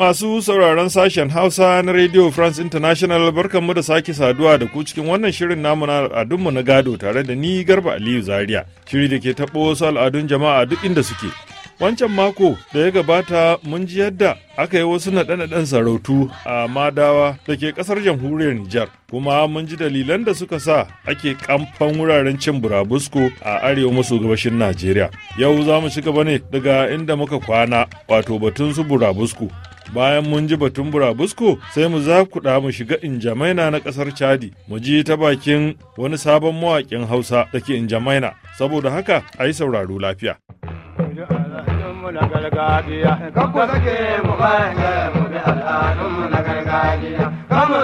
Masu sauraron sashen Hausa na Radio France International barkanmu da sake saduwa da ku cikin wannan shirin namu na al'adunmu na gado tare da ni Garba Aliyu Zaria. Shiri da ke taɓo wasu al'adun jama'a duk inda suke. Wancan mako da ya gabata mun ji yadda aka yi wasu naɗe-naɗen sarautu a Madawa da ke ƙasar jamhuriyar Nijar, kuma mun ji dalilan da suka sa ake kamfan wuraren cin burabusko a arewa maso gabashin Najeriya. Yau za mu shiga gaba ne daga inda muka kwana wato batun su burabusko bayan mun ji batun burabusko sai mu zakuɗa mu shiga injamaina na ƙasar chadi mu ji ta bakin wani sabon mawaƙin hausa da ke injamaina saboda haka a yi sauraro lafiya na gargajiya kan mu manje mu bi na gargajiya kan mu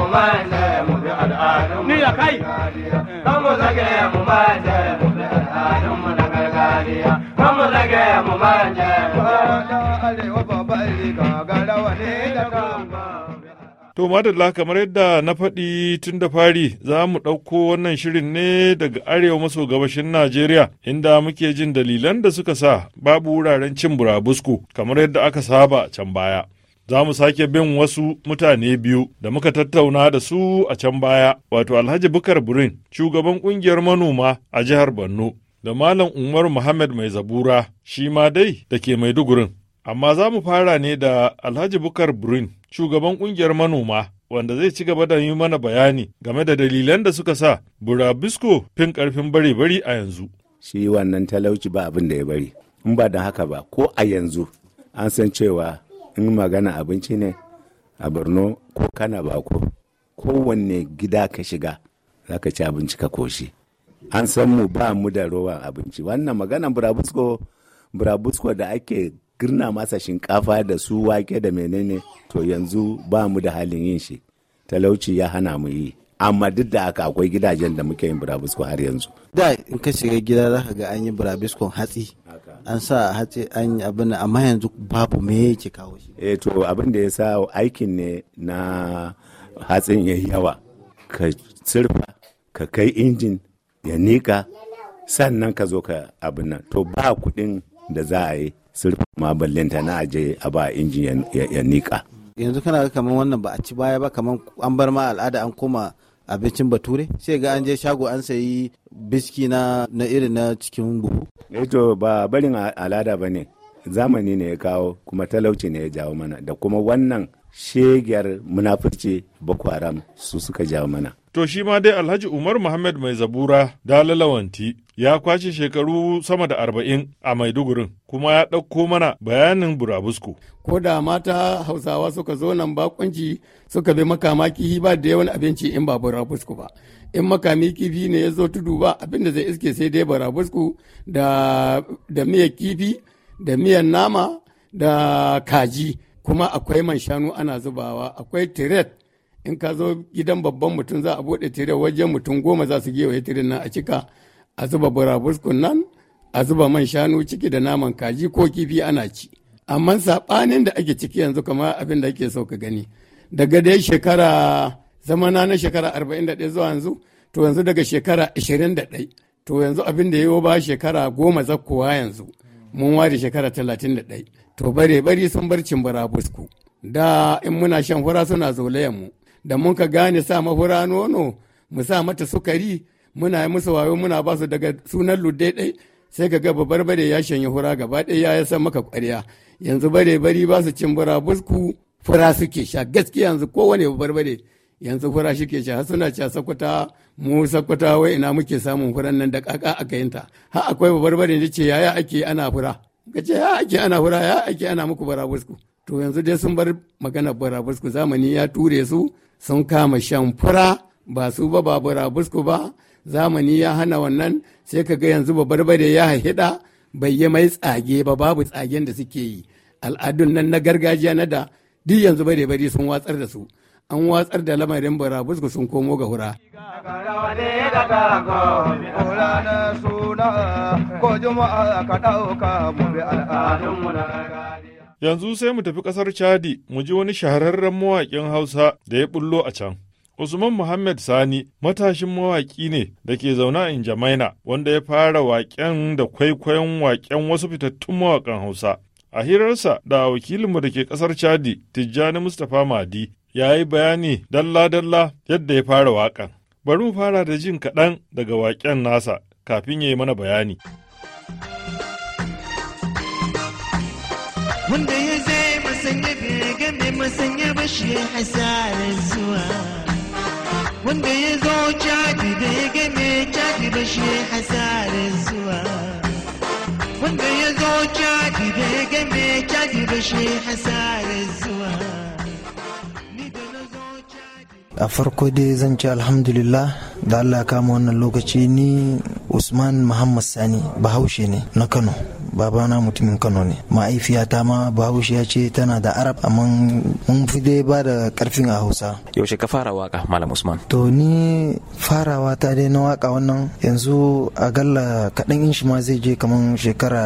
mu manje mu bi na gargajiya To madalla kamar yadda na faɗi tun da fari za mu ɗauko wannan shirin ne daga arewa maso gabashin Najeriya inda muke jin dalilan da suka sa babu wuraren cin burabusku kamar yadda aka saba can baya. Za mu sake bin wasu mutane biyu da muka tattauna da su a can baya wato Alhaji Bukar Burin shugaban ƙungiyar manoma a jihar Borno da Malam Umar Muhammad Mai Zabura shi ma dai da ke Maidugurin. Amma za mu fara ne da Alhaji Bukar Bruin, shugaban kungiyar manoma, wanda zai ci gaba da yi mana bayani game da dalilan da suka sa burabisko fin ƙarfin bare-bari a yanzu. Shi wannan talauci ba abin da ya bari, in ba da haka ba ko a yanzu an san cewa in magana abinci ne a Borno ko kana bako kowanne gida ka shiga za ka ci abinci ka koshi. an san mu ba mu da rowan abinci wannan maganan burabusko burabusko da ake girna masa shinkafa da su wake da menene to yanzu ba mu da halin yin shi talauci ya hana mu yi amma duk da haka akwai gidajen da muke yin burabisko har yanzu da in ka shiga gida za ka ga an yi burabiskon hatsi an sa hatsi an yi abin amma yanzu babu me yake kawo shi eh to abin da ya sa aikin ne na hatsin ya yawa ka sirfa ka kai injin ya nika sannan ka zo ka abin nan to ba kuɗin da za a yi sirfa ma ballinta na aje a ba injin ya nika yanzu kana ga kamar wannan ba a ci baya ba kamar an bar ma al'ada an koma abincin bature sai ga an je shago an sayi biski na irin na cikin buhu. Eh to ba barin al'ada ba ne zamani ne ya kawo kuma talauci ne ya jawo mana da kuma wannan shegiyar munafurci boko haram su suka jawo mana to shi ma dai alhaji umar muhammad mai zabura da lalawanti ya kwashe shekaru sama da arba'in a maidugurin kuma ya ɗauko mana bayanin burabusku ko da mata hausawa suka zo nan bakunci suka bi makama kihi ba da yawan abinci in ba burabusku ba in makami kifi ne ya zo tudu ba abinda zai iske sai dai burabusku da miyar kifi da miyan nama da kaji kuma akwai man shanu ana zubawa akwai tiret in ka zo gidan babban mutum za a bude tire wajen mutum goma za su gewaye tirin nan a cika a zuba burabuskun nan a zuba man shanu ciki da naman kaji ko kifi ana ci amma saɓanin da ake ciki yanzu kama abin da ake so ka gani daga dai shekara zamana na shekara 41 zuwa yanzu to yanzu daga shekara 21 to yanzu abin da ya yi ba shekara goma zakkowa yanzu mun ware shekara talatin da ɗai to bare bari sun bar cimbira busku da in muna shan fura suna zolayen mu da mun ka gane sa mafura nono mu sa mata sukari muna yi musu wayo muna ba su daga sunan ludai ɗai sai ka ga babbar bare ya shanye fura gaba ɗaya ya san maka ƙwarya yanzu bare bari ba su cimbira busku fura suke sha gaskiya yanzu kowane babbar bare yanzu fura shi ke har suna cewa sakwata mu sakwata wai ina muke samun furan nan da kaka aka yin ta ha akwai babarbare da ce yaya ake ana fura ka ce ya ake ana fura ya ake ana muku barabusku to yanzu dai sun bar magana barabusku zamani ya ture su sun kama shan fura ba su ba ba barabusku ba zamani ya hana wannan sai ka ga yanzu babarbare ya haihida bai yi mai tsage ba babu tsagen da suke yi al'adun nan na gargajiya na da duk yanzu bare bari sun watsar da su an watsar da lamarin barabusku sun komo ga hura. Yanzu sai mu tafi ƙasar Chadi mu ji wani shahararren mawaƙin Hausa da ya bullo a can. Usman Muhammad Sani matashin mawaƙi ne da ke zauna in Jamaina wanda ya fara waƙen da kwaikwayon waƙen wasu fitattun mawaƙan Hausa. A hirarsa da wakilinmu da ke ƙasar Chadi Tijjani Mustapha Madi ya yi bayani dalla-dalla yadda ya fara waƙan. Bari mu fara da jin kaɗan daga waƙen nasa kafin ya yi mana bayani. Wanda ya zai masanya birga mai masanya bashi hasarar zuwa. Wanda ya zo caji da ya ga mai caji bashi hasarar zuwa. Wanda ya zo caji da ya ga mai caji bashi hasarar zuwa. a farko dai zan ce alhamdulillah da allah kama wannan lokaci ni usman muhammad sani bahaushe ne na kano babana mutumin kano ne ma'aifiyata ma bahaushe ya ce tana da arab amma mun fi dai ba da karfin a hausa yaushe ka fara waka malam usman to ni farawa ta dai na waka wannan yanzu a galla kaɗan in shi ma zai je kamar shekara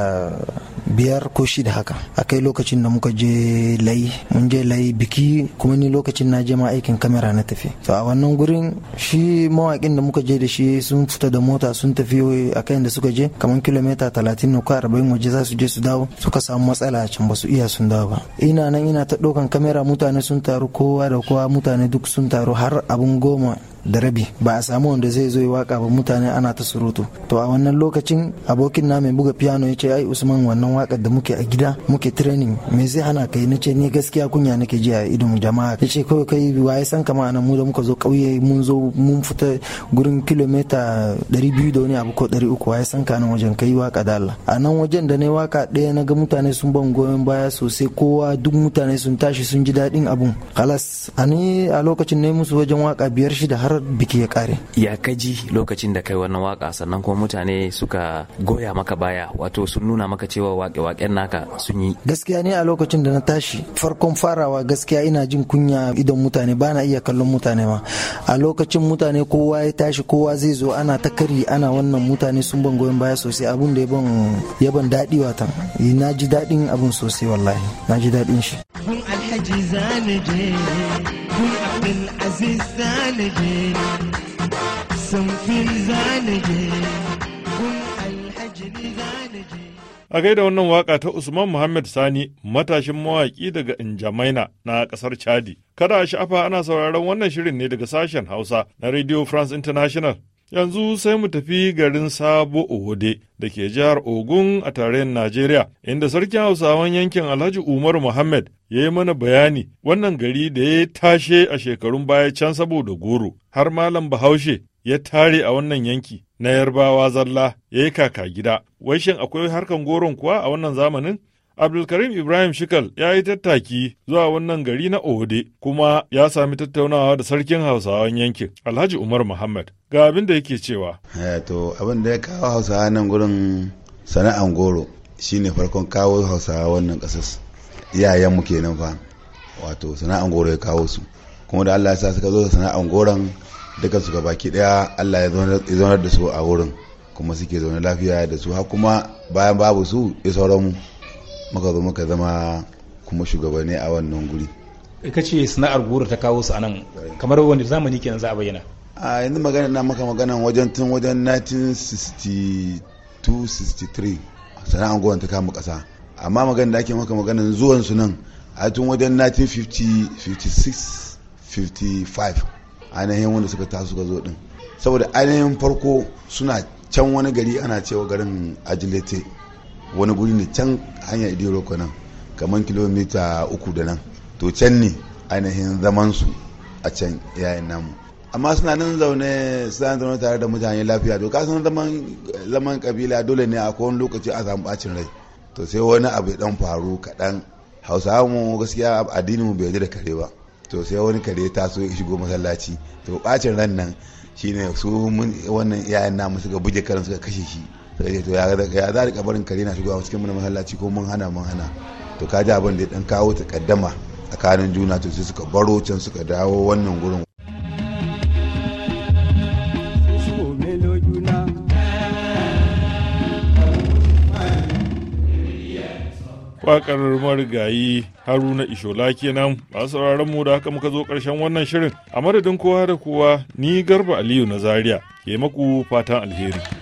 biyar ko shida haka akai lokacin da muka je lai mun je lai biki kuma ni lokacin na je ma aikin kamera na tafi to a wannan gurin shi mawakin da muka je da shi sun fita da mota sun tafi a kan da suka je kamar kilomita talatin ne ko arba'in waje za su je su dawo suka samu matsala a can ba su iya sun dawo ba ina nan ina ta ɗaukan kamera mutane sun taru kowa da kowa mutane duk sun taru har abin goma da rabi ba a samu wanda zai zo ya waka ba mutane ana ta surutu to a wannan lokacin abokin na mai buga piano ya ce ai usman wannan wakar da muke a gida muke training me zai hana kai na ce ni gaskiya kunya nake ji a idon jama'a ya ce kawai kai waye san kama anan mu da muka zo kauye mun zo mun fita gurin kilomita 200 da wani abu ko 300 waye san ka nan wajen kai waka da Allah a nan wajen da na waka ɗaya na ga mutane sun ban goyon baya sosai kowa duk mutane sun tashi sun ji daɗin abun kalas ani a lokacin ne musu wajen waka biyar shida har har biki ya kare ya kaji lokacin da kai wannan waka sannan kuma mutane suka goya maka baya wato sun nuna maka cewa wake-waken naka sun yi gaskiya ne a lokacin da na tashi farkon farawa gaskiya ina jin kunya idan mutane bana iya kallon mutane ma a lokacin mutane kowa ya tashi kowa zai zo ana ta kari ana wannan mutane sun ban goyon baya sosai abun da ya ban daɗi watan na ji daɗin abun sosai wallahi na ji daɗin shi alhaji zane je gun abdul aziz samfin a gaida wannan waka ta Usman Muhammad Sani matashin mawaƙi daga Injamaina na ƙasar Chadi. Kada a sha'afa ana sauraron wannan shirin ne daga sashen Hausa na Radio France International Yanzu sai mu tafi garin Sabo Owode da ke jihar Ogun a tarayyar Najeriya, inda sarkin Hausawan yankin Alhaji Umar Muhammad ya yi mana bayani wannan gari da ya tashe a shekarun baya can saboda goro, har Malam Bahaushe ya tare a wannan yanki na Yarbawa zalla ya yi kaka gida. Wai shin akwai harkan goron kuwa a wannan zamanin? Abdulkarim Ibrahim Shikal ya yi tattaki zuwa wannan gari na Ode kuma ya sami tattaunawa da sarkin Hausawan yankin Alhaji Umar Muhammad ga abin da yake cewa. Eh, to abin da ya kawo Hausawa nan gurin sana'an goro shine farkon kawo Hausawa wannan ƙasas iyayenmu kenan fa wato sana'an goro ya kawo su kuma da Allah ya sa suka zo da sana'an goron duka su baki daya Allah ya zaunar da su a wurin kuma suke zaune lafiya da su har kuma bayan babu su ya sauran mu muka zo muka zama kuma shugabanni a wannan guri ka ce sana'ar gura ta kawo su anan kamar wani zamani kenan za a bayyana a yanzu magana na maka magana wajen tun wajen 1962-63 sana'ar gura ta kama kasa amma magana da ake maka magana zuwan su nan a tun wajen 1956-55 ainihin wanda suka taso suka zo din saboda ainihin farko suna can wani gari ana cewa garin ajilete wani guri ne can hanya idiro nan kamar kilomita uku da nan to can ne ainihin zamansu a can yayin namu amma suna nan zaune suna zaune tare da mutane lafiya to kasan zaman zaman kabila dole ne a kowane lokaci a samu bacin rai to sai wani abu ya dan faru kaɗan hausawa mu gaskiya addinin mu bai yarda da kare ba to sai wani kare ta so ya shigo masallaci to bacin ran nan shine su mun wannan iyayen namu suka buge karan suka kashe shi Eh, to ya za a rika barin kare na shigowa cikin mun mahallaci ko mun hana mun hana to ka ji abin da ya dan kawo kaddama tsakanin juna to sai suka baro can suka dawo wannan gurin wakar marigayi haruna ishola kenan masu sauraron mu da haka muka zo karshen wannan shirin a madadin kowa da kowa ni garba aliyu na zaria ke maku fatan alheri